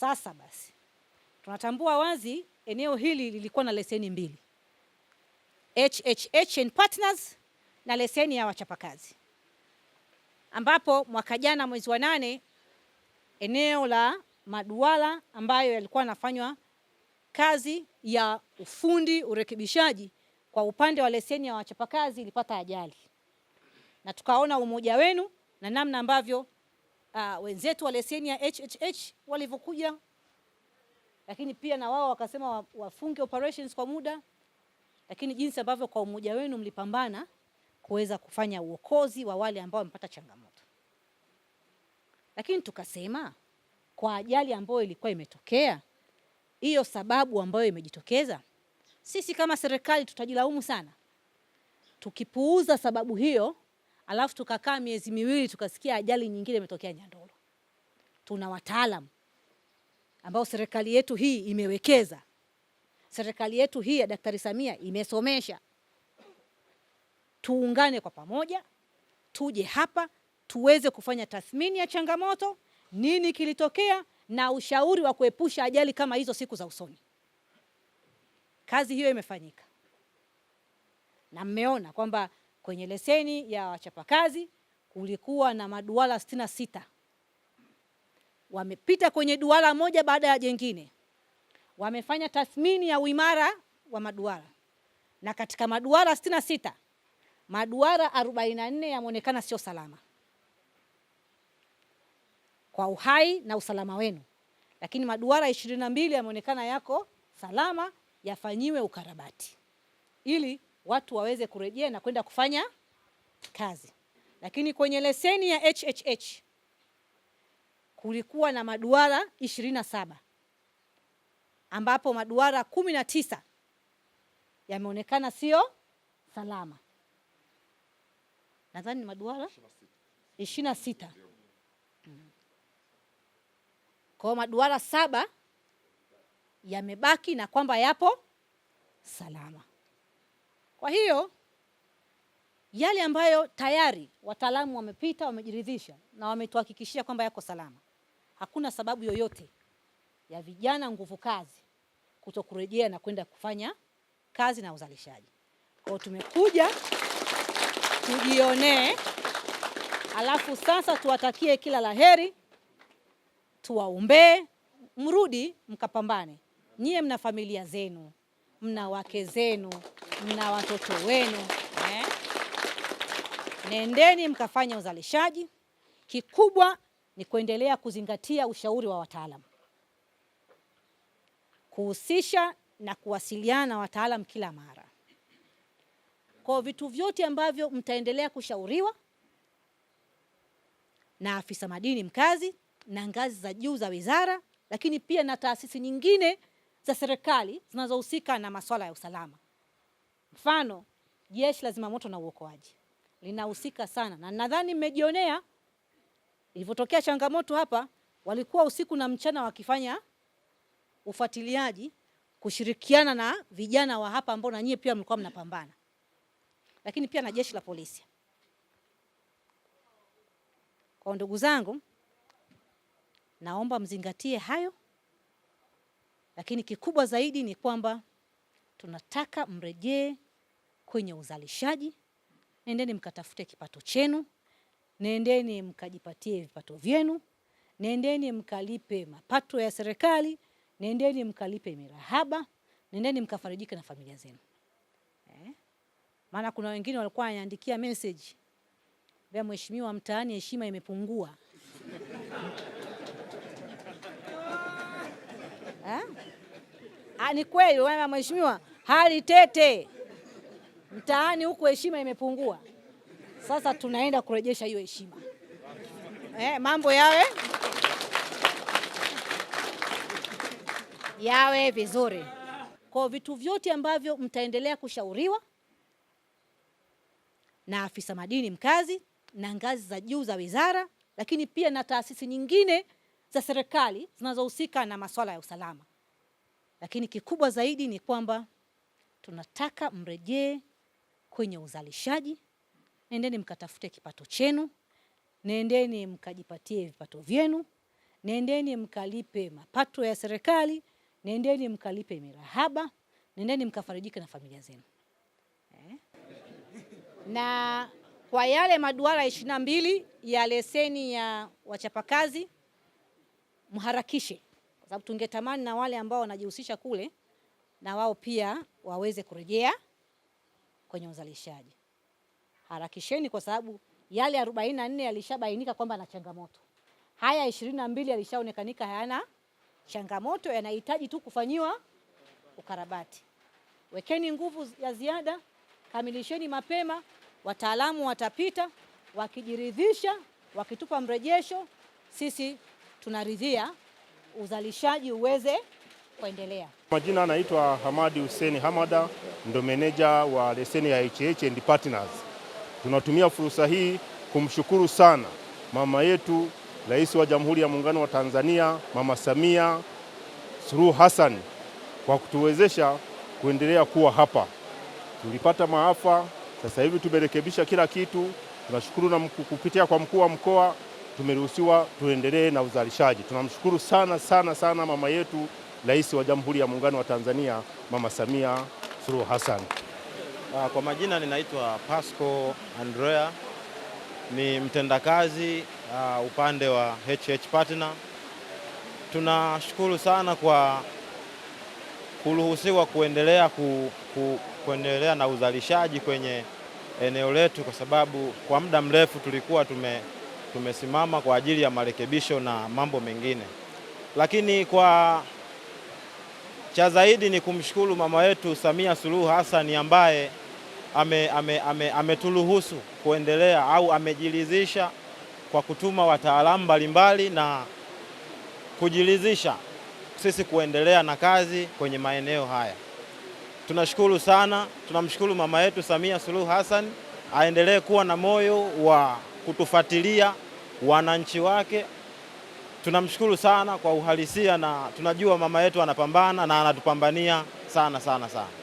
Sasa basi tunatambua wazi eneo hili lilikuwa na leseni mbili HHH and Partners na leseni ya wachapakazi, ambapo mwaka jana mwezi wa nane eneo la maduara ambayo yalikuwa yanafanywa kazi ya ufundi urekebishaji kwa upande wa leseni ya wachapakazi ilipata ajali, na tukaona umoja wenu na namna ambavyo uh, wenzetu wa leseni ya HHH walivyokuja, lakini pia na wao wakasema wafunge operations kwa muda, lakini jinsi ambavyo kwa umoja wenu mlipambana kuweza kufanya uokozi wa wale ambao wamepata changamoto. Lakini tukasema kwa ajali ambayo ilikuwa imetokea, hiyo sababu ambayo imejitokeza, sisi kama serikali tutajilaumu sana tukipuuza sababu hiyo alafu tukakaa miezi miwili tukasikia ajali nyingine imetokea Nyandolo. Tuna wataalam ambao serikali yetu hii imewekeza, serikali yetu hii ya Daktari Samia imesomesha. Tuungane kwa pamoja, tuje hapa tuweze kufanya tathmini ya changamoto, nini kilitokea, na ushauri wa kuepusha ajali kama hizo siku za usoni. Kazi hiyo imefanyika na mmeona kwamba Kwenye leseni ya wachapakazi kulikuwa na maduara sitini na sita wamepita kwenye duara moja baada ya jengine, wamefanya tathmini ya uimara wa maduara, na katika maduara sitini na sita maduara 44 yameonekana sio salama kwa uhai na usalama wenu, lakini maduara ishirini na mbili yameonekana yako salama, yafanyiwe ukarabati ili watu waweze kurejea na kwenda kufanya kazi. Lakini kwenye leseni ya HHH kulikuwa na maduara ishirini na saba ambapo maduara kumi na tisa yameonekana sio salama, nadhani maduara 26 na sita kwa maduara saba yamebaki na kwamba yapo salama. Kwa hiyo yale ambayo tayari wataalamu wamepita, wamejiridhisha na wametuhakikishia kwamba yako salama, hakuna sababu yoyote ya vijana nguvu kazi kutokurejea na kwenda kufanya kazi na uzalishaji. Kwa tumekuja tujionee, alafu sasa tuwatakie kila laheri, tuwaombee mrudi mkapambane, nyie mna familia zenu mna wake zenu, mna watoto wenu eh? Nendeni mkafanya uzalishaji. Kikubwa ni kuendelea kuzingatia ushauri wa wataalamu, kuhusisha na kuwasiliana na wataalamu kila mara. Kwa vitu vyote ambavyo mtaendelea kushauriwa na afisa madini mkazi na ngazi za juu za wizara, lakini pia na taasisi nyingine za serikali zinazohusika na masuala ya usalama. Mfano, jeshi la zimamoto na uokoaji linahusika sana, na nadhani mmejionea ilivyotokea changamoto hapa. Walikuwa usiku na mchana wakifanya ufuatiliaji kushirikiana na vijana wa hapa ambao na nyie pia mlikuwa mnapambana, lakini pia na jeshi la polisi. Kwa ndugu zangu, naomba mzingatie hayo. Lakini kikubwa zaidi ni kwamba tunataka mrejee kwenye uzalishaji, nendeni mkatafute kipato chenu, nendeni mkajipatie vipato vyenu, nendeni mkalipe mapato ya serikali, nendeni mkalipe mirahaba, nendeni mkafarijike na familia zenu eh? Maana kuna wengine walikuwa wanaandikia message vya mheshimiwa mtaani, heshima imepungua Eh? Ah, ni kweli wewe mheshimiwa, hali tete mtaani huku, heshima imepungua. Sasa tunaenda kurejesha hiyo heshima eh, mambo yawe yawe vizuri. Kwa vitu vyote ambavyo mtaendelea kushauriwa na afisa madini mkazi na ngazi za juu za wizara, lakini pia na taasisi nyingine za serikali zinazohusika na masuala ya usalama, lakini kikubwa zaidi ni kwamba tunataka mrejee kwenye uzalishaji. Nendeni mkatafute kipato chenu, nendeni mkajipatie vipato vyenu, nendeni mkalipe mapato ya serikali, nendeni mkalipe mirahaba, nendeni mkafarijike na familia zenu eh? na kwa yale maduara ishirini na mbili ya leseni ya wachapakazi mharakishe, kwa sababu tungetamani na wale ambao wanajihusisha kule na wao pia waweze kurejea kwenye uzalishaji. Harakisheni kwa sababu yale 44 yalishabainika kwamba na changamoto, haya ishirini na mbili yalishaonekanika hayana changamoto, yanahitaji tu kufanyiwa ukarabati. Wekeni nguvu ya ziada, kamilisheni mapema, wataalamu watapita wakijiridhisha, wakitupa mrejesho sisi tunaridhia uzalishaji uweze kuendelea. Majina anaitwa Hamadi huseni Hamada, ndo meneja wa leseni ya HH and Partners. Tunatumia fursa hii kumshukuru sana mama yetu Rais wa Jamhuri ya Muungano wa Tanzania Mama Samia Suluhu Hassan kwa kutuwezesha kuendelea kuwa hapa. Tulipata maafa, sasa hivi tumerekebisha kila kitu. Tunashukuru na kupitia kwa mkuu wa mkoa tumeruhusiwa tuendelee na uzalishaji. Tunamshukuru sana sana sana mama yetu Rais wa Jamhuri ya Muungano wa Tanzania, Mama Samia Suluhu Hassan. Ah, kwa majina ninaitwa Pasco Andrea, ni mtendakazi uh, upande wa HH Partner. Tunashukuru sana kwa kuruhusiwa kuendelea, ku, ku, kuendelea na uzalishaji kwenye eneo letu, kwa sababu kwa muda mrefu tulikuwa tume tumesimama kwa ajili ya marekebisho na mambo mengine, lakini kwa cha zaidi ni kumshukuru mama yetu Samia Suluhu Hassan ambaye ameturuhusu ame, ame, ame kuendelea au amejiridhisha kwa kutuma wataalamu mbalimbali na kujiridhisha sisi kuendelea na kazi kwenye maeneo haya. Tunashukuru sana, tunamshukuru mama yetu Samia Suluhu Hassan aendelee kuwa na moyo wa kutufuatilia wananchi wake. Tunamshukuru sana kwa uhalisia, na tunajua mama yetu anapambana na anatupambania sana sana sana.